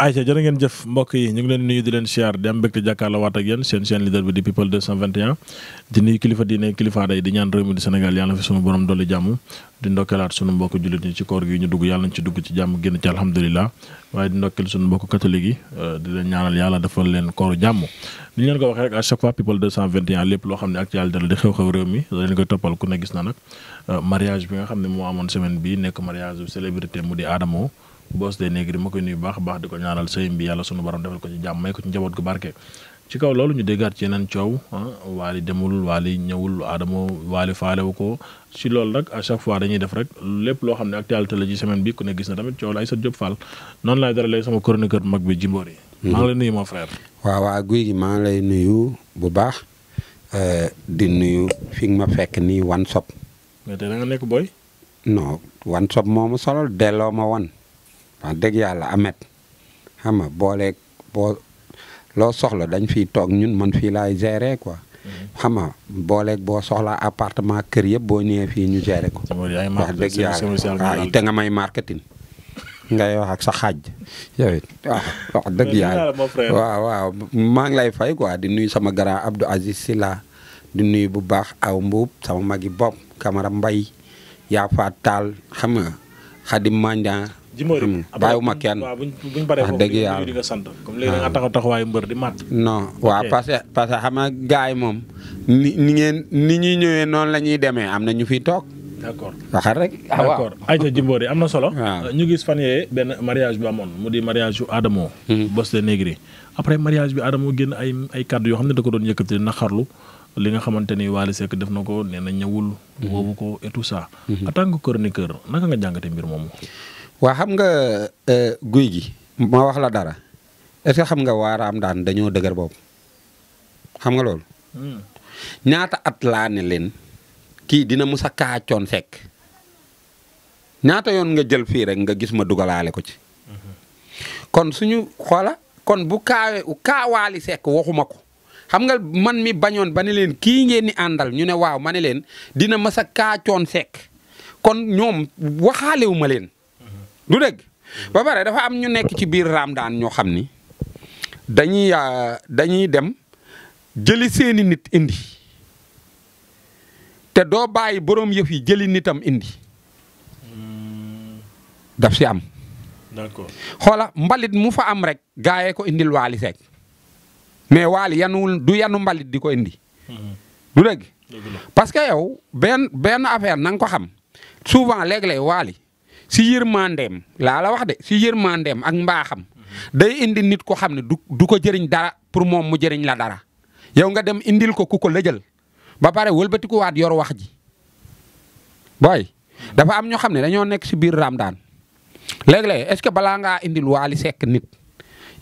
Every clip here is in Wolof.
Aïcha jërë ngeen jëf mbokk yi ñu ngi leen nuyu di leen siyaar di am mbégte jàkkaarloo waat ak yéen seen seen leader bi di people 221 di nuyu kilifa di ñaan réew mi di gi ñu dugg yàlla nañ ci dugg ci jàmm génn ci alhamdulilah waaye di ndokkeel sunu mbokk catholique yi euh, di leen ñaanal yàlla defal leen kooru jàmm ni leen ko waxee rek à chaque fois people 221 di xew euh, moo amoon semaine boos de néegri ma koy nuyu baax baax di ko ñaanal sëyam bi yàlla sunu borom defal ko ci jàmm may ko ci njaboot gu barke ci kaw loolu ñu déggaat ci yeneen coow ah, waali demul waali ñëwul aadama waali faalewu ko ci loolu nag à chaque fois dañuy def rek lépp loo xam ne actualité la ci semaine bi ku ne gis na tamit coow la Aïssatou Diop Fall noonu laay daralee sama chroniqueur mag bi Djimbory yi mhm. maa ngi lay nuyu mon frère waaw waaw guy gi maa ngi lay nuyu bu baax euh, di nuyu fi nga fekk nii wan sob mais tey da nga nekk booy wan sob moo ma delloo ma wan wax dëgg yàlla amet xam nga booleeg boo loo soxla dañ fi toog ñun man fii laay gérer ko mm-hmm. xam nga booleeg boo soxlaa appartement kër yëpp boo ñëwee fii ñu gérer ko. wax dëgg ah, nga may marketing. ngay wax ak sa xaaj yow it maa ngi lay fay ko di nuyu sama grand Abdou Aziz Silla di nuyu bu baax aw mbuub sama magi bopp Camara Mbay yaa fa taal xam nga Xadim Mandiang jimóori bàyyiwuma kenn waaw buñ paree foofu dëgg yàlla di nga sant comme léegi nga ah. taxaw taxawaayu que parce que xam nga gars moom ni ngeen ni ñuy ñëwee noonu la ñuy demee am na ñu fiy toog d'accord waxal rek ah, d'accord ayca jimboor yi am na solo ñu gis fan yee benn mariage bi amoon mu di mariage yu Adamo hmm. Boss de Negri après mariage bi Adamo génn ay ay yoo xam ne da ko doon yëkkati naxarlu li nga xamante ni Wally Seck def na ko nee na ñëwul hmm. woowu ko et tout ça hmm. en tant que chroniqueur naka nga jàngate mbir moomu waa xam nga euh, guy gi ma wax la dara est xam nga waaraam daan dañoo dëgër boobu xam nga loolu. Hmm. ñaata at laa ne leen kii dina mus a kaacoon fekk ñaata yoon nga jël fii rek nga gis ma dugalaale ko ci. Hmm. kon suñu xoola kon bu kaawee kaawaali sekk waxuma ko xam nga man mi bañoon ba ne leen kii ngeen ni àndal ñu ne waaw ma ne leen dina mas a kaacoon sekk kon ñoom waxaalewu ma leen. du dégg ba pare dafa am ñu nekk ci biir daan ñoo xam ni dañuy euh, dañuy dem jëli seeni nit indi te doo bàyyi boroom yëfi yi jëli nitam indi hmm. daf si am. d'accord xoola mbalit mu fa am rek gaayee ko indil waali seeg mais waali yanuwul du yanu mbalit di ko indi. Hmm. du dégg parce que yow benn benn affaire na ko xam souvent léeg-léeg waali si yërmandeem laa la wax de si yërmandeem ak mbaaxam day indi nit ko xam ne du du ko jëriñ dara pour moom mu jëriñ la dara yow nga dem indil ko ku ko lëjal ba pare wëlbatikuwaat yor wax ji booy dafa am ñoo xam ne dañoo nekk si biir Ramadaan léeg-léeg est-ce que balaa ngaa indil Wally sekk nit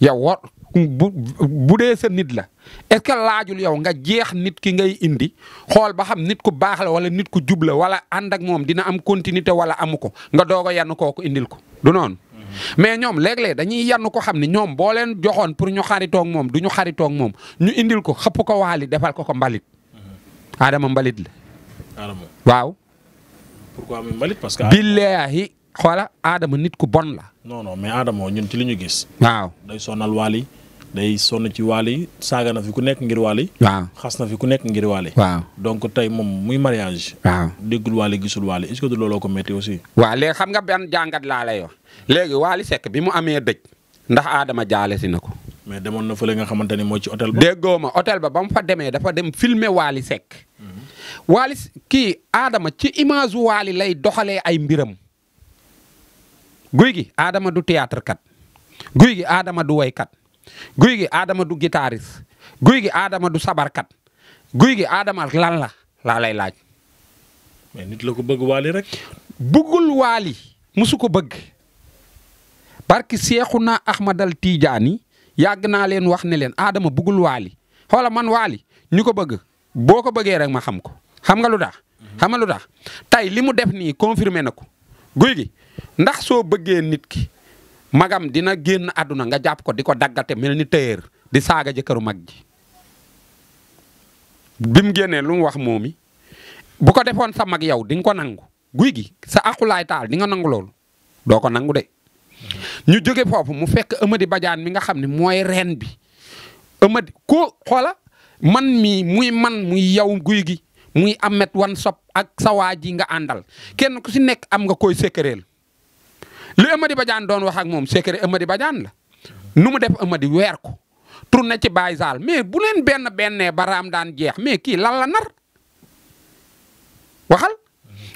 yow war bu bu dee sa nit la. est-ce laajul yow nga jeex nit ki ngay indi xool ba xam nit ku baax la wala nit ku jub la wala ànd ak moom dina am continuité wala amu ko nga doog a yann kooku indil ko du noon mm-hmm. mais ñoom léeg-léeg dañuy yann ko xam ne ñoom boo leen joxoon pour ñu xaritoog moom du ñu xaritoog moom ñu indil ko xëpp ko waali defal ko ko mbalit. Mm-hmm. Adama mbalit la. waaw. pourquoi muy parce que. billaahi xoola Adama nit ku bon la. non non ñun ci li ñu gis. waaw day sonal waali day sonn ci waal yi saaga na fi ku nekk ngir waal yi. waaw xas na fi ku nekk ngir waal yi. waaw donc tey moom muy mariage. waaw déggul waal gisul waal yi est que du looloo ko métti aussi. waaw léegi xam nga benn jàngat laa lay wax léegi Wally Seck bi mu amee dëj ndax Adama jaale si na ko. mais demoon na fële nga xamante ni moo ci hôtel ba. déggoo ma hôtel ba ba mu fa demee dafa dem filmer Wally sekk mhm. Wally kii Adama ci image Wally lay doxalee ay mbiram. guy gi Adama du théâtre kat guy gi Adama du woykat guy gi aadama du guitariste guy gi aadama du sabarkat guy gi aadama lan la laa lay laaj. mais la ko bëgg waali rek. bëggul waali musu ko bëgg barki seexu naa Ahmadal Tijaani yàgg naa leen wax ne leen aadama bëggul waali xoola man waali ñu ko bëgg boo ko bëggee rek ma xam ko xam nga lu tax. xam tey li mu def nii confirmé na ko guy gi ndax soo bëggee nit ki. magam dina génn àdduna nga jàpp ko di ko daggate mel ni téyeer di saaga jëkkëru mag ji bi mu génnee lu mu wax moomi bu ko defoon sa mag yow di nga ko nangu guy gi sa aqulaay taal di nga nangu loolu doo ko nangu de. ñu jóge foofu mu fekk Amady bajaan mi nga xam ne mooy reen bi Amady ko xoola man mii muy man muy yow guy gi muy amet wan sop ak sa waa ji nga àndal kenn ku si nekk am nga koy sékkéréel li Amady Badiane doon wax ak moom secret Amady Badiane la nu mu def amadi weer ko tourné ci Baye Sall mais bu leen benn benne baraam daan jeex mais kii lan la nar waxal.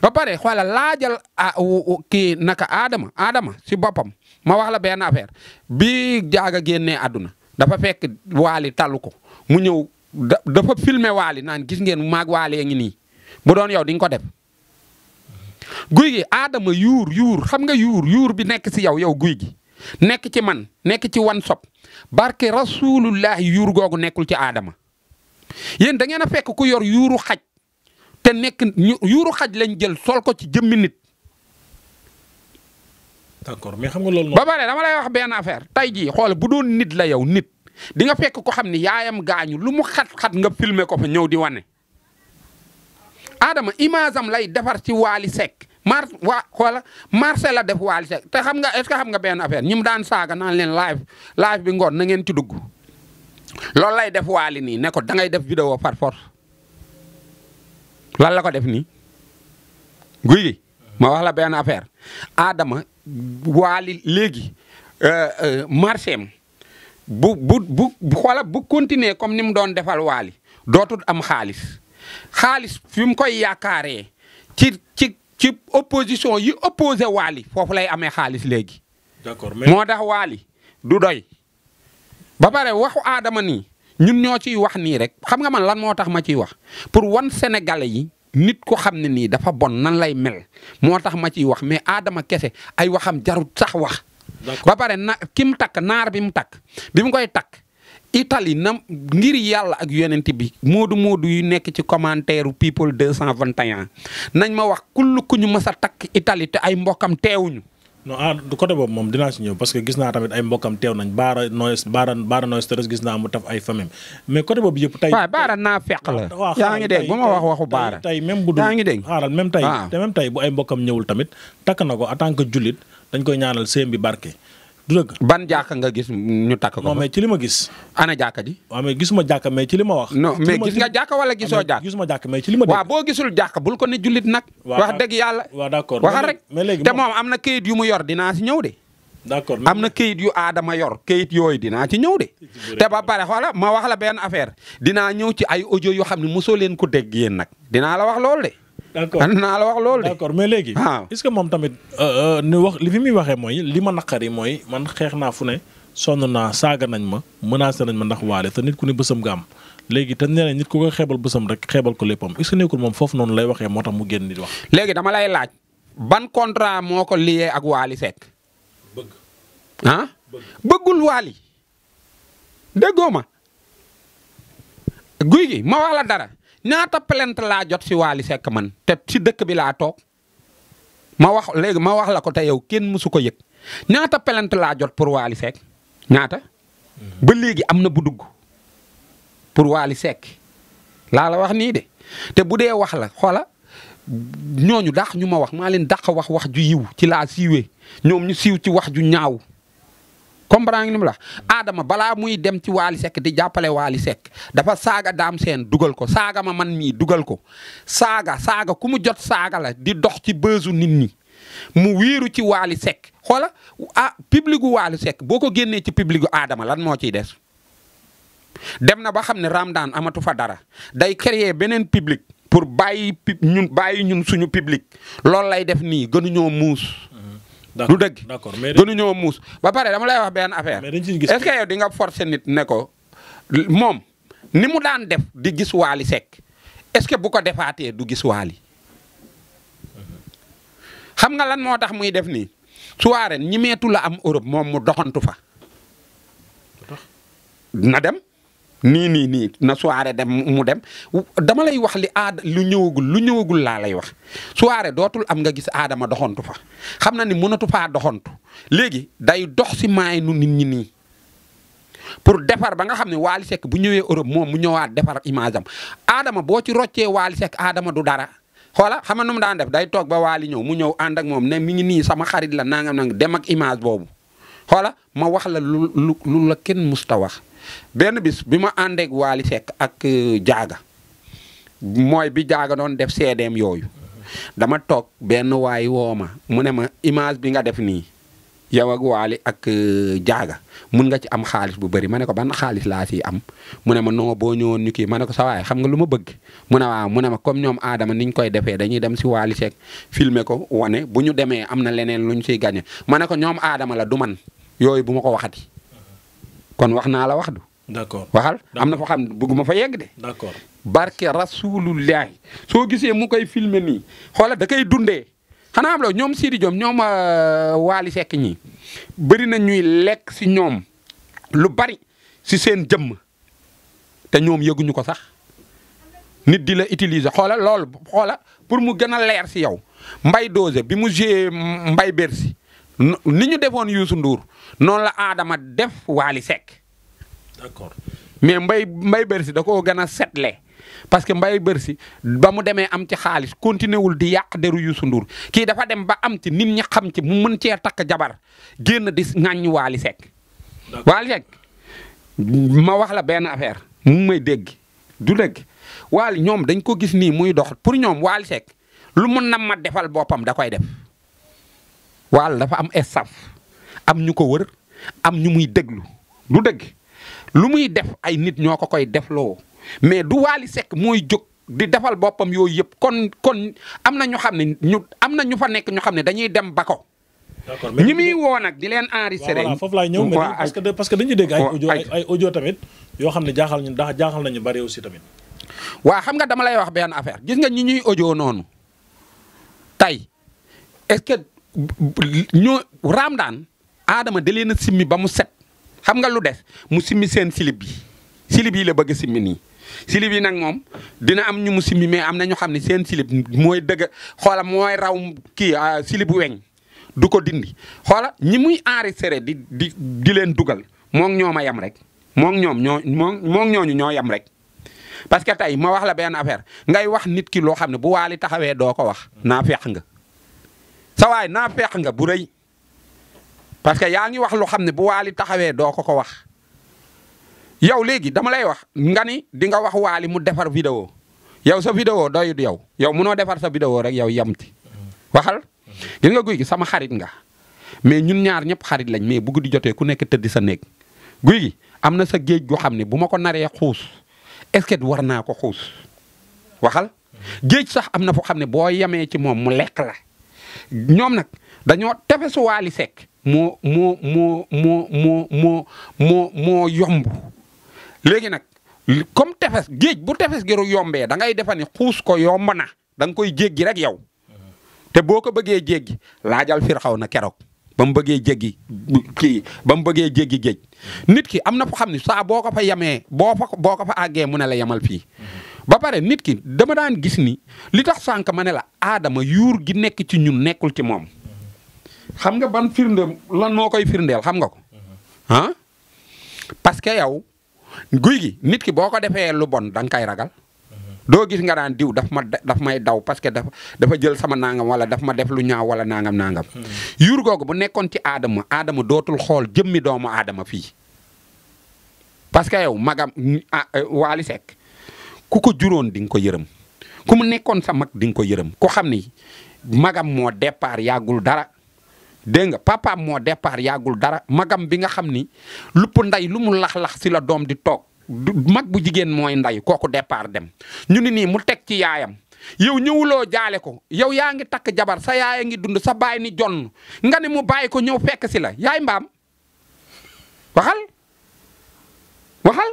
ba pare xoola laajal a kii naka Adama Adama si boppam ma wax la benn affaire bi jaaga génnee àdduna dafa fekk waali tallu ko mu ñëw dafa filmer waali naan gis ngeen maag waalee ngi nii bu doon yow di ko def. guy gi aadama yuur yuur xam nga yuur yuur bi nekk si yow yow guy gi nekk ci man nekk ci wan sob barke rasulullahi yuur googu nekkul ci aadama yéen da ngeen a fekk ku yor yuuru xaj te nekk yuuru xaj lañ jël sol ko ci jëmmi nit. d'accord mais xam nga loolu. ba pare dama lay wax benn affaire tey jii xool bu doon nit la yow nit di nga fekk ko xam ni yaayam gaañu lu mu xat-xat nga filmer ko fa ñëw di wane. Adama image lay defar ci Waly sek mar waa xoola marché la def Wally Seck te xam nga est ce que xam benn affaire ñi mu daan saaga naa leen live live bi ngoon na ngeen ci dugg loolu lay def Wally nii ne ko da ngay def vidéo par force lan la ko def nii guy ma wax la benn affaire Adama Wally léegi euh, euh, marché am bu bu bu xoola bu continuer comme ni mu doon defal Wally dootul am xaalis xaalis fi mu koy yaakaaree ci ci ci opposition yi opposé Wally foofu lay amee xaalis léegi. d'accord mais moo tax waali du doy. ba pare waxu aadama ni ñun ñoo ciy wax nii rek xam nga man lan moo tax ma ciy wax pour wan sénégalais yi nit ko xam ne nii dafa bon nan lay mel moo tax ma ciy wax mais aadama kese ay waxam jaru sax wax. ba pare na ki mu takk naar bi mu takk bi mu koy takk itali na ngir yàlla ak yonent bi moodu moodu yu nekk ci commentaire people 221 nañ ma wax kull ku ñu mës a takk Italie te ay mbokkam teewuñu. non ah côté boobu moom dinaa si ñëw parce que gis naa tamit ay mbokkam teew nañ baara noyes baara baara noyes gis naa mu taf ay famem mais côté boobu yëpp tey waaw baara naa feq la ah, ngi dégg bu ma wax waxu baara tey même bu dul ngi dégg xaaral même tey ah. te même tey bu ay mbokkam ñëwul tamit takk na ko en tant que jullit dañ koy ñaanal séem bi barke du dëgg ban jàkka nga gis ñu takk ko non mais ci li ma gis ana jàkka ji waaw mais gisuma jàkka mee ci li ma wax non mais gis nga jàkka wala gisoo ah, jàkka gisuma jàkka mais ci li ma waaw boo gisul jàkka bul ko ne julit nag wax dëgg yàlla waaw d'accord waxal rek te moom am na këyit yu mu yor dinaa si ñëw de d'accord am na këyit yu aadama yor këyit yooyu dinaa ci ñëw de te ba pare xoola ma wax la benn affaire dinaa ñëw ci ay audio yoo xam ne mosoo leen ko dégg yéen nag dinaa la wax loolu de d'accord naa la wax loolu de. mais léegi. waaw est que moom tamit euh, euh, ni wax li fi muy waxee mooy li ma naqari mooy man xeex naa fu ne sonn naa saaga nañ ma menacé nañ ma ndax waale te nit ku ne bësam nga am léegi te nee nit ku koy xeebal bësam rek xeebal ko léppam est nekkul moom foofu noonu lay waxee moo tax mu génn di wax. léegi dama lay laaj. ban contrat moo ko lié ak Waly Seck. Ah? bëggul Waly déggoo ma. guy gi ma wax la dara. ñaata plainte laa jot ci Wally sekk man te ci dëkk bi laa toog ma wax léegi ma wax la ko te yow kenn mësu ko yëg ñaata plainte laa jot pour Wally Seck ñaata. Mhm. ba léegi am na bu dugg pour waali Seck laa la wax nii de te bu dee wax la xoola ñooñu dàq ñu ma wax maa leen dàq wax wax ju yiw ci laa siiwee ñoom ñu siiw ci wax ju ñaaw. comprendre nga li mu la Adama balaa muy dem ci Waly sekk di jàppale Waly sekk dafa saaga daam seen dugal ko saaga ma man mii dugal ko saaga saaga ku mu jot saaga la di dox ci bësu nit ñi mu wiiru ci Waly Seck xoola ah public Waly sekk boo ko génnee ci public Adama lan moo ciy des. dem na ba xam ne Ramadan amatu fa dara day créer beneen public pour bàyyi ñun bàyyi ñun suñu public loolu lay def nii gënuñoo muus. du dëgg. d'accord mais gënuñoo muus ba pare dama lay wax benn affaire. est-ce que yow di nga forcer nit ne ko moom ni mu daan def di gis Wally Seck est-ce que bu ko defaatee du gis Wally xam nga lan moo tax muy def nii soirée ñi meetu la am Europe moom mu doxantu fa na dem. nii nii nii na soirée dem mu dem dama lay wax li aada lu ñëwagul lu ñëwagul laa lay wax soirée dootul am nga gis aadama doxantu fa xam na ni mënatu faa doxantu léegi day dox si maay nu nit ñi nii pour defar ba nga xam ne Wally sekk bu ñëwee Europe moom mu ñëwaat defar image am aadama boo ci roccee Wally sekk aadama du dara xoola xam nga mu daan def day toog ba Wally ñëw mu ñëw ànd ak moom ne mi ngi nii sama xarit la nangam nang dem ak image boobu xoola ma wax la lu kenn musta wax benn bis bi ma ànd ak seek euh, ak jaaga mooy bi jaaga doon def seedeem yooyu dama toog benn waay woo ma mu ne ma image bi nga def nii yow ak Waly ak jaaga euh, mun nga ci am xaalis bu bari ma ne ko ban xaalis laa ciy am mu ne ma non boo ñëwoon ñu kii ma ne ko sa waay xam nga lu ma bëgg mu ne mu ne ma comme ñoom aadama niñ koy defee dañuy dem si Waly seek filmer ko wane bu ñu demee am na leneen lu ñu siy gagné ma ne ko ñoom aadama la du man yooyu bu ma ko waxati. kon wax naa la wax du. d'accord waxal am na foo xam ne bëgguma fa yegg de. d'accord barke rasulullahi soo gisee mu koy filmer nii xoola da koy dundee xanaa am la ñoom Sidi Diom ñoom euh, Waly Seck ñi bëri na ñuy lekk si ñoom lu bari si seen jëmm te ñoom yëguñu ko sax nit di la utiliser xoola loolu xoola pour mu gën a leer si yow mbay Dose bi mu joué mm, Mbaye Bercy ni ñu defoon Youssou nduur noonu la Adama def waali Seck. d'accord mais mbay mbay bërsi da koo gën a setle parce que mbay bërsi ba mu demee am ci xaalis continué wul di yàq deru Youssou nduur kii dafa dem ba am ci nit ñi xam ci mu mën cee takk jabar génn di ŋàññ Waly Seck. Waly Seck ma wax la benn affaire mu may dégg du dégg Waly ñoom dañ ko gis nii muy dox pour ñoom Waly Seck lu mun na ma defal boppam da koy def. waal dafa am estaf am ñu ko wër am ñu muy déglu lu dëgg lu muy def ay nit ñoo ko koy defloo mais du Wally sekk mooy jóg di defal boppam yooyu yëpp kon kon am na ñu xam ne ñu am na ñu fa nekk ñu xam ne dañuy dem ba ko. d'accord ñi muy woo nag di leen enregistré. waaw foofu laay ñëw mais parce que parce que dañu dégg ay audio ay tamit yoo xam ne jaaxal ñu ndax jaaxal nañu bari aussi tamit. waa xam nga dama lay wax benn affaire gis nga ñi ñuy audio noonu tey ñoo raamdaan aadama da leen a simmi ba mu set xam nga lu des mu simmi seen silib bi silib yi la bëgg simmi nii silib yi nag moom dina am ñu mu simmi mais am na ñu xam ne seen silib mooy dëgg xoola mooy raw kii euh, silibu weñ du ko dindi xoola ñi muy enregistré di di di leen dugal moom ñoo ma yem rek moom ñoom ñoo moom ñooñu ñoo yem rek. parce que tey ma wax la benn affaire ngay wax nit ki loo xam ne bu waali taxawee doo ko wax naa feex nga. sa waay naa peq nga bu rëy parce que yaa ngi wax lu xam ne bu waali taxawee doo ko ko wax yow léegi dama lay wax nga ni di nga wax waali mu defar vidéo yow sa vidéo doyut yow yow munoo defar sa vidéo rek yow yamti waxal gis nga guy gi sama xarit nga mais ñun ñaar ñëpp xarit lañ mais bu guddi jotee ku nekk tëdd sa néeg guy am na sa géej goo xam ne bu ma ko naree xuus est-ce war naa ko xuus waxal géej sax am na foo xam ne boo yamee ci moom mu lekk la ñoom nag dañoo tefesu Wally Seck moo moo moo moo moo moo moo moo yomb léegi nag comme tefes géej bu tefes gi yombee da ngay defa ni xuus ko yomb na da nga koy jéggi rek yow te boo ko bëggee jéggi laajal fir xaw na keroog ba mu bëggee jéggi kii ba mu bëggee jéggi géej nit ki am na foo xam ne saa boo ko fa yemee boo fa boo ko fa àggee mu ne la yemal fii ba pare nit ki dama daan gis ni li tax sànq ma ne la aadama yuur gi nekk ci ñun nekkul ci moom xam nga ban firnde lan moo koy firndeel xam nga ko ah parce que yow guy gi nit ki boo ko defee lu bon da nga koy ragal doo gis nga daan diw dafa ma daf may daw parce que dafa dafa jël sama nangam wala daf ma def lu ñaaw wala nangam nangam hmm. yuur googu bu nekkoon ci aadama aadama dootul xool jëmmi doomu aadama fii parce que yow magam ah, Waly Seck ku ko juróon di nga ko yërëm ku mu nekkoon sa mag di nga ko yërëm ko xam ni magam moo départ yàggul dara dégg nga papaam moo départ yàggul dara magam bi nga xam ni lupp nday lu mu lax-lax si la doom di toog mag bu jigéen mooy nday kooku départ dem ñu ni nii mu teg ci yaayam yow ñëwuloo jaale ko yow yaa ngi takk jabar sa yaaya ngi dund sa baay ni jon nga ne mu bàyyi ko ñëw pekk si la yaay mbaam waxal waxal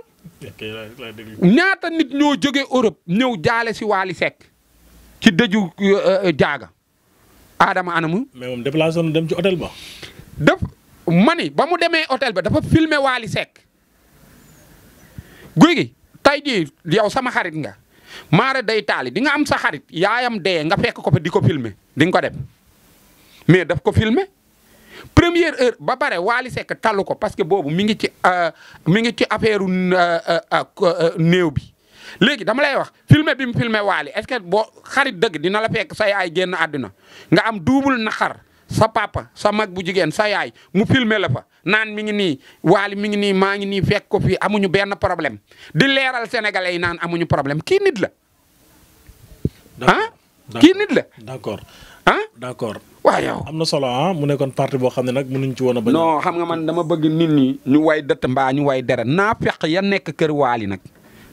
ñaata nit ñoo jóge Europe ñëw jaale si Waly Seck ci dëju euh, euh, jaaga Adama anamu. mais moom déplacé na dem ci hôtel ba. def mani ba mu demee hôtel ba dafa filmer waali Seck guy gi tey ji yow sama xarit nga maara day taali di nga am sa xarit yaayam dee nga fekk ko fa di ko filmer di ko def mais def ko filmer première heure ba pare Waly Seck tallu ko parce que boobu mi ngi ci euh, mi ngi ci affaire euh, euh, néew bi léegi dama lay wax filmer bi mu filmer Waly est boo xarit dëgg dina la fekk sa yaay génn àdduna nga am double naqar sa papa sa mag bu jigéen sa yaay mu filmer la fa naan mi ngi nii Waly mi ngi nii maa ngi nii fekk ko fii amuñu benn problème di leeral sénégalais yi naan amuñu problème kii nit la ah kii nit la d'accord ah d'accord waaw yow am na solo ah mu nekkoon parti boo xam ne nag mënuñ ci woon ba bañ xam nga man dama bëgg nit ñi ñu way dëtt mbaa ñu way dara naa feq ya nekk kër waali nag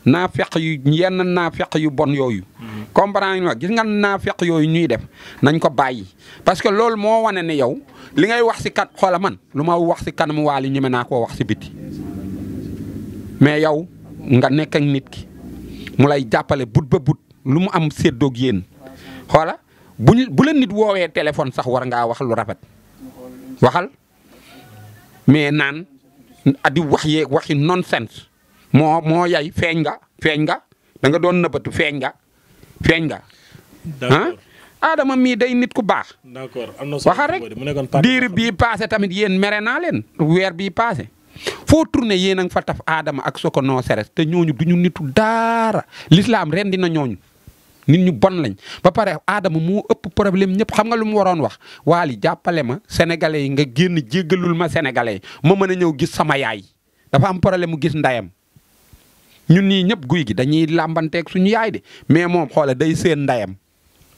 naa feq yu yenn naa feq yu bon yooyu mhm. comprendre nga gis nga naa feq yooyu ñuy def nañ ko bàyyi parce que loolu moo wane ne yow li ngay wax si kan xoola man lu ma wax si kanam waali ñeme naa koo wax si biti mais yow nga nekk nit ki mu lay jàppale but ba but lu mu am séddoog yéen xoola bu ñu bu la nit woowee téléphone sax war ngaa wax lu rafet waxal mais naan adi wax yeeg waxi nonsense moo moo yay feeñ nga feeñ nga danga doon nëbbatu feeñ nga feeñ nga. d'accord ah, Adama mii day nit ku baax. d'accord am na solo waxal rek diir bii paase tamit yéen mere naa leen weer bii paase. foo tourné yéen a nga fa taf Adama ak soko no seres te ñooñu duñu nitu daara lislaam ren dina ñooñu. nit ñu bon lañ ba pare aadama mu ëpp problème ñëpp xam nga lu mu waroon wax waali jàppale ma sénégalais yi nga génn jéggalul ma sénégalais ma mën a ñëw gis sama yaay dafa am problème mu gis ndayam ñun ñii ñëpp guy gi dañuy làmbanteeg suñu yaay de mais moom xoola day seen ndayam.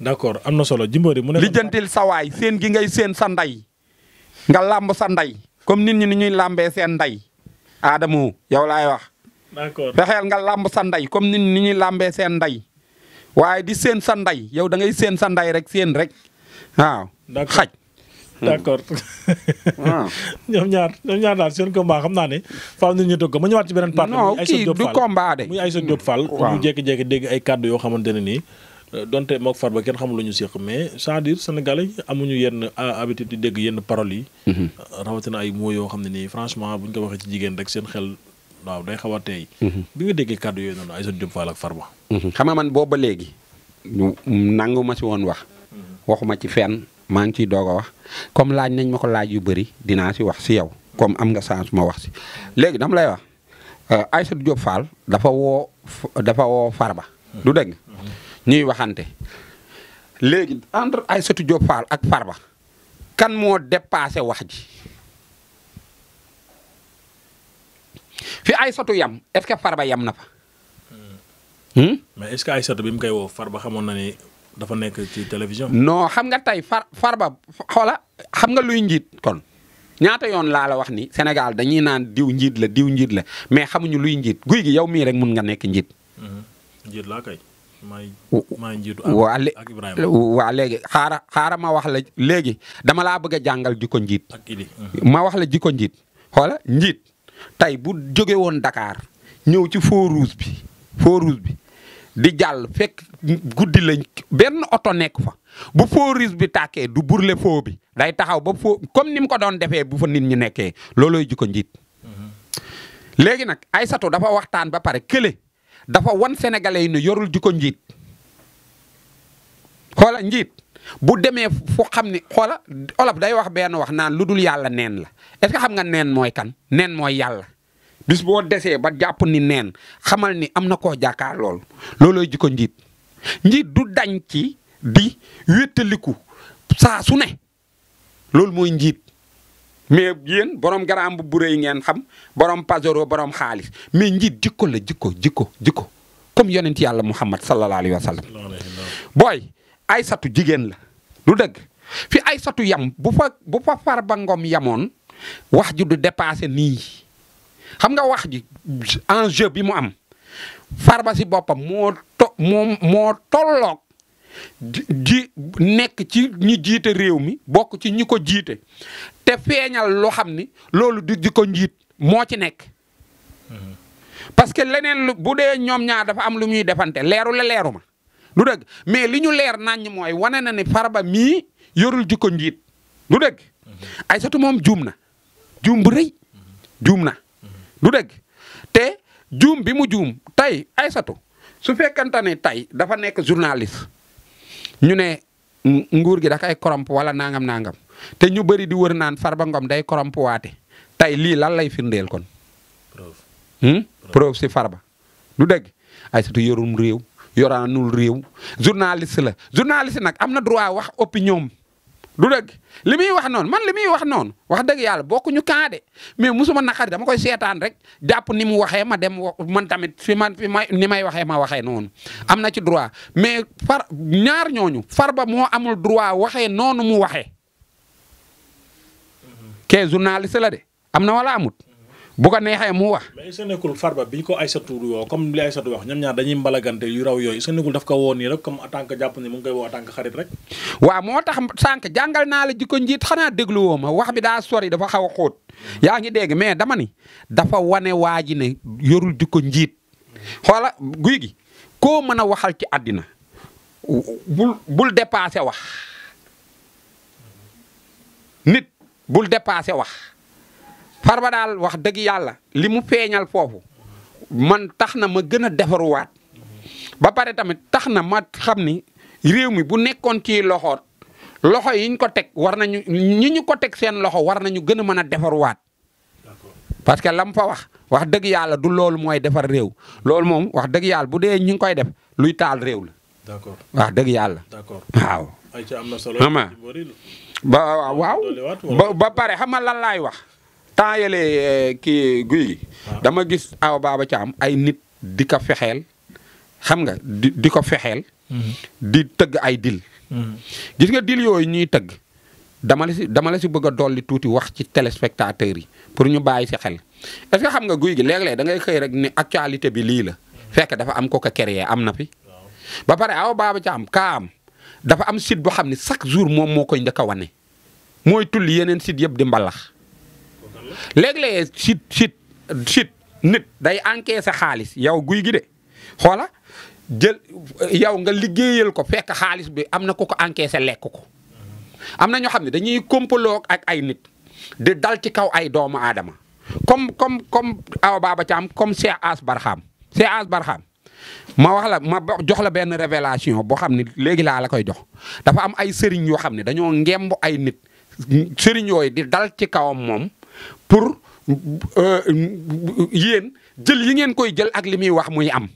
d'accord am na solo Jimbori mu ne lijjantil sa waay seen gi ngay seen sa nday nga làmb sa nday comme nit ñi ni ñuy làmbee seen nday aadamu yow lay wax. d'accord fexeel nga làmb sa nday comme nit ñi ni ñuy làmbee seen nday. waaye di seen sa nday yow da ngay seen sa nday rek seen rek waaw. xaj. Hmm. d' accord ah. ñoom ñaar ñoom ñaar daal seen combat xam naa ne faaw nit ñu tëgg ko ma ñëwaat ci beneen part non kii du combat dégg ay kàddu yoo xamante ne nii euh, donte mook ba kenn xamul lu ñu séq mais c'est-à-dire sénégalais yi amuñu yenn euh, habitude di dégg yenn paroles yi mm-hmm. euh, rawatina ay mots yoo xam ne nii franchement buñ ko waxee ci jigéen rek seen xel waaw day xaw a mm-hmm. bi nga déggee kàddu yooyu noonu Aïssa Diop Fall ak Farba Mhm. xam nga man boobu ba léegi nanguma nangu si woon wax. Mhm. waxuma ci fenn maa ngi ciy doog a wax comme laaj nañ ma ko laaj yu bëri dinaa si wax si yow comme am nga chance ma wax si. léegi dama lay wax euh, Aïssatou Diop Fall dafa woo dafa woo Farba. Mhm. du dégg ñuy waxante léegi entre Aïssatou Diop Fall ak Farba kan moo dépassé wax ji. fi Aïssatou yam et ce que Farba yam na fa. Hmm? mais est-ce bi mu koy woo Farba xamoon na ni dafa nekk ci télévision. non xam nga tey far Farba xoola xam nga luy njiit kon ñaata yoon laa la wax ni Sénégal dañuy naan diw njiit la diw njiit la mais xamuñu luy njiit guy gi yow mii rek mun nga nekk njiit. Mhm. njiit laa kay. maay xaara xaara ma wax la léegi dama laa bëgg a jàngal jikko njiit. Mhm. ma wax la jikko njiit. xoola njiit tey bu jóge woon Dakar ñëw ci feu rouge bi. feu bi di jàll fekk guddi lañ benn oto nekk fa bu feu bi tàkkee du burle feu bi day taxaw ba feu comme ni mu ko doon defee bu fa nit ñi nekkee loolooy jikko njiit. Mhm. léegi nag ay Aysatu dafa waxtaan ba pare kële dafa wan sénégalais yi ne yorul jikko njiit xoola njiit bu demee fu xam ni xoola olof day wax benn wax naan lu dul yàlla neen la est-ce xam nga neen mooy kan neen mooy yàlla. bis boo desee ba jàpp ni neen xamal ni am na ko jàkkaar lool loolooy jikko njiit njiit du dañ ci di wéttaliku saa su ne loolu mooy njiit mais yéen borom garaam bu bu rëy ngeen xam borom pajoro borom xaalis mais njiit jikko la jikko jikko jikko comme yonent yàlla muhammad sallallahu alayhi wa sallam booy ay satu jigéen la lu dëgg fi ay satu yam bu fa bu fa yamoon wax ju du dépassé nii xam nga wax ji enjeu bi mu am Farba si boppam moo to moo nekk ci ñi jiite réew mi bokk ci ñi ko jiite te feeñal loo xam ni loolu di di ko njiit moo ci nekk. Mm-hmm. parce que leneen bu dee ñoom ñaar dafa am lu muy defante leeru la leeru ma lu dëgg mais li ñu leer naññ mooy wane na ne Farba mii yorul jikko njiit lu dëgg. Mm-hmm. Aysatu moom juum na juum bu rëy mm-hmm. juum na. du dégg te juum bi mu juum ay Aysatu su fekkante ne tey dafa nekk journaliste ñu ne nguur gi da kay koromp wala nangam nangam te ñu bëri di wër naan Farba Ngom day koromp waate tey lii lan lay firndeel kon. preuve hmm? preuve si Farba du dégg Aysatu yorum réew yoraanul réew journaliste la journaliste nag am na droit wax opinion du dëgg li muy wax noonu man li muy wax noonu wax dëgg yàlla bokkuñu camp de mais musuma naqari dama koy seetaan rek jàpp ni mu waxee ma dem man tamit fi man fi may ni may waxee ma waxee noonu. am na ci droit mais far ñaar ñooñu Farba moo amul droit waxee noonu mu waxee. kee journaliste la de am na wala amut. bu ko neexee mu wax. mais est-ce que nekkul Farba bi ko Aïssatou woo comme li Aïssatou wax ñoom ñaar dañuy mbalagante yu raw yooyu est-ce ko woo nii rek comme en tant que jàpp ni mu sànq jàngal naa la jikko njiit xanaa déglu woo ma wax bi daa sori dafa xaw a xóot yaa ngi dégg mais dama ni dafa wane waa ji ne yorul jikko njiit xoola guy gi koo mën a waxal ci àddina bul bul dépassé wax nit bul dépassé wax. Farba daal wax dëgg yàlla li mu feeñal foofu man tax na ma gën a defaruwaat ba pare tamit tax na ma xam ni réew mi bu nekkoon ci loxoot loxo yiñ ko teg war nañu ñi ñu ko teg seen loxo war nañu gën a mën a defaruwaat parce que lam fa wax wax dëgg yàlla du loolu mooy defar réew loolu moom wax dëgg yàlla bu dee ñu ngi koy def luy taal réew la. wax dëgg yàlla. d'accord waaw. ba waaw ba pare laay wax. temps yële eh, kii guy gi. Ah. dama gis aw baaba caam ay nit di ko fexeel xam nga di ko fexeel. Mm-hmm. di tëgg ay dil. Mm-hmm. gis nga dil yooyu ñuy tëgg dama la si dama la si bëgg a dolli tuuti wax ci téléspectateurs yi pour ñu bàyyi si xel est-ce xam nga guy gi léeg-léeg da ngay xëy rek ni actualité bi lii la fekk dafa am ko ko créé am na fi. ba pare aw baaba caam kaam dafa am site boo xam ne chaque jour moom moo koy njëkk a wane mooy tulli yeneen site yëpp di mbalax. léeg-léeg chute chute nit day encaissé xaalis yow guy gi de xoola jël yow nga liggéeyal ko fekk xaalis bi am na ku ko encaissé lekk ko am na ñoo xam ne dañuy kompaloo ak ay nit di dal ci kaw ay doomu aadama comme comme comme Awa Baba Thiam comme Cheikh As Barham Cheikh As Barham ma wax la ma jox la benn révélation boo xam ne léegi laa la koy jox dafa am ay sëriñ yoo xam ne dañoo ngemb ay nit sëriñ yooyu di dal ci kawam moom pour euh, yéen jël yi ngeen koy jël ak li muy wax muy am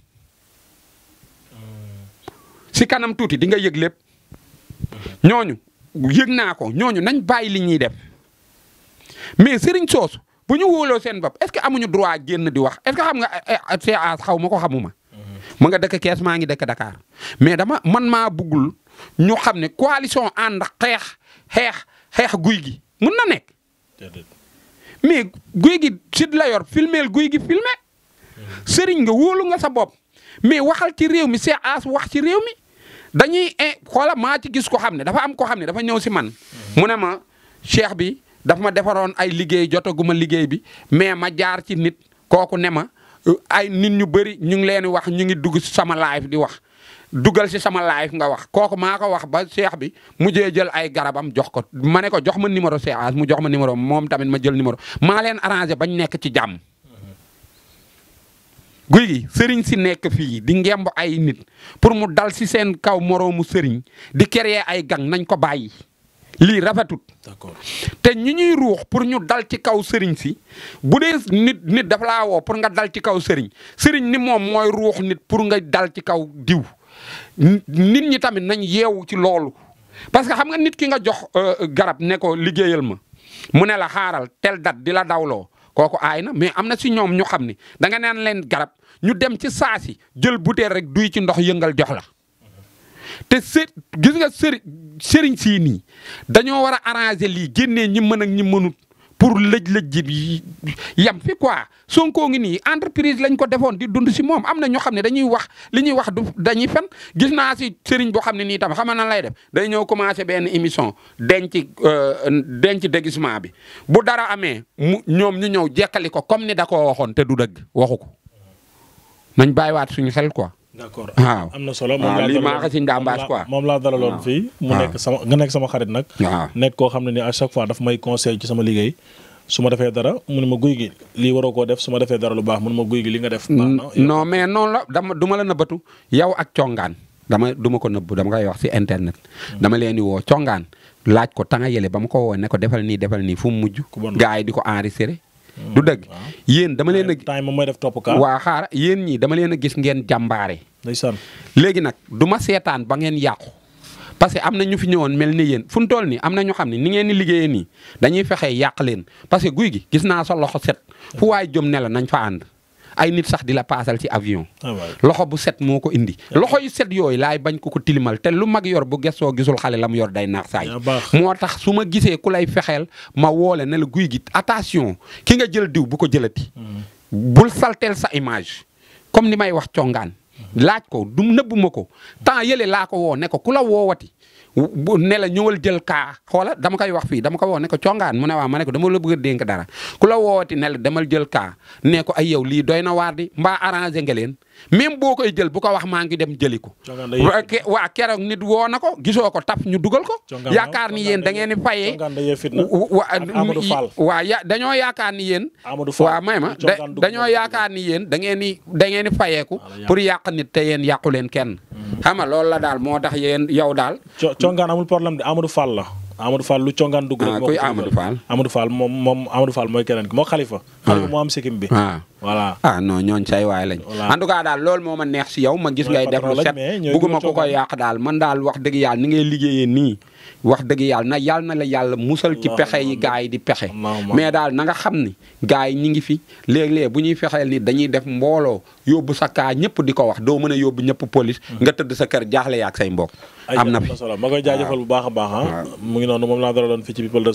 si kanam tuuti di nga yëg lépp ñooñu yëg naa ko ñooñu nañ bàyyi li ñuy dem mais sëriñ soosu bu ñu wóoloo seen bopp est-ce que amuñu droit génn di wax est-ce xam nga a eh, eh, xaw ma ko xamuma. ma nga dëkk Kees maa ngi dëkk Dakar mais dama man maa buggul ñu xam ne coalition ànd xeex xeex xeex guy gi mun na nekk. mais guy gi sit la yor filmeel guy gi filmé sëriñ nga wóolu nga sa bopp mais waxal ci réew mi Cheikh Ass wax ci réew mi dañuy eh, xoola maa ci gis ko xam ne dafa am ko xam ne dafa ñëw si man mu ne ma cheikh bi dafa ma defaroon ay liggéey jotaguma liggéey bi mais ma jaar ci nit kooku ne ma ay nit ñu bëri ñu ngi leen wax ñu ngi dugg sama laay live di wax dugal si sama live nga wax kooku maa ko wax ba seex bi mu mujjee jël ay garabam jox ko ma ne ko jox ma numéro seexaas mu jox ma numéro moom tamit ma jël numéro maa leen arrangé bañ nekk ci jàmm. guy gi sëriñ si nekk fii di ngemb ay nit pour mu dal si seen kaw moroomu sëriñ di créer ay gang nañ ko bàyyi lii rafetut. d'accord te ñi ñuy ruux pour ñu dal ci kaw sëriñ si bu dee nit nit daf laa woo pour nga dal ci kaw sëriñ sëriñ ni moom mooy ruux nit pour nga dal ci kaw diw. nit ñi tamit nañ yeewu ci loolu parce que xam nga nit ki nga jox euh, garab ne ko liggéeyal ma mu ne la xaaral tel date di la dawloo kooku aay na mais am na si ñoom ñu xam ni da nga naan leen garab ñu dem ci saasi jël butéel rek duy ci ndox yëngal jox la. te së gis nga sëriñ sëriñ sii nii dañoo war a arranger lii génnee ñi mën ak ñi mënut. pour lëj-lëj ji yam fi quoi Sonko ngi nii entreprise lañ ko defoon di dund si moom am na ñoo xam ne dañuy wax li ñuy wax du dañuy fen gis naa si sëriñ boo xam ne nii tam xama na lay def day ñëw commencé benn émission denc euh, denc déguisement bi bu dara amee mu ñoom ñu ñëw jekkali ko comme ni da koo waxoon te du dëgg waxu ko nañ bàyyiwaat suñu xel quoi. d'accord waaw am na solo moom laa li maa xasi ndàmbaas moom laa dalaloon fii mu nekk sama nga sama xarit nag waaw nekk koo xam ne ni à chaque fois daf may conseil ci sama liggéey su ma defee dara mu mun ma guy gi lii waroo koo def su ma defee dara lu baax mun ma guy gi li nga def non mais noon la dama du ma la nëbbatu yow ak congaan dama du ma ko nëbbu dama koy wax si internet dama leen di woo congaan laaj ko tanga yële ba ma ko woo ne ko defal nii defal nii fu mu mujj gars yi di ko enregistré du dëgg yéen dama leen a. temps mooy def topp kaa waa xaar yéen ñii dama leen a gis ngeen jàmbaare. ndeysaan léegi nag du ma seetaan ba ngeen yàqu. parce que am na ñu fi ñëwoon mel ni yéen fu mu toll nii am na ñu xam ne ni ngeen di liggéeyee nii dañuy fexe yàq leen parce que guy gi gis naa sa loxo set fu waay jom ne la nañ fa ànd. ay nit sax di la paasal ci avion. Ah loxo bu set moo ko indi. Ah loxo yu set yooyu laay bañ ko ko tilimal te lu mag yor bu gestoo gisul xale la mu yor day naax saay ah moo tax su ma gisee ku lay fexeel ma woole na la guy git attention ki nga jël diw bu ko jëlati. Hmm. bul saltel sa image comme ni may wax congaan hmm. laaj ko du nëbbu ma ko temps yële laa ko woo ne ku la woowati. ne la ñëwal jël kaa xoola dama koy wax fii dama ko wax ne ko congaan mu ne waa mane ko dama la bëgg a dénk dara ku la wooti ne la demal jël kaa ne ko ay yow lii doy na waar di mbaa arrangé nga leen même boo koy jël bu ko wax maa ngi dem jëli ko. waa keroog nit woo na ko gisoo ko taf ñu dugal ko. yakaar ni yéen da ngeen di fayee. waa ya dañoo yaakaar ni yéen. Amadou Fall may ma dañoo yaakaar ni yéen da ngeen di da ngeen di fayeeku pour yàq nit te yéen yàqu leen kenn. Mm. xam nga loolu la daal moo dax yéen yow daal. co Congaan amul problème de Amadou Fall la. Amadou Fall lu congaan dugg rek. Ah, moo koy Amadou Fall Amadou Fall moom moom mooy keneen ki moo xalifa. xalifa ah. moo am sikkim bi. Ah. voilà ah non ñooñ say waay lañ. en tout cas daal lool moo ma neex si yow ma gis ngay def lu set bugguma ko koy yàq daal man daal wax dëgg yàlla ni ngay liggéeyee nii wax dëgg yàlla na yàlla na la yàlla musal ci pexe yi gars yi di pexe mais daal na nga xam ni gars yi ñi ngi fi léeg-léeg bu ñuy fexeel ni dañuy def mbooloo yóbbu sa kaa ñëpp di ko wax doo mën a yóbbu ñëpp police hmm. nga tëdd sa kër jaaxle ak say mbokk am na fi a baax ah. mu ngi moom laa dara doon fii ci people de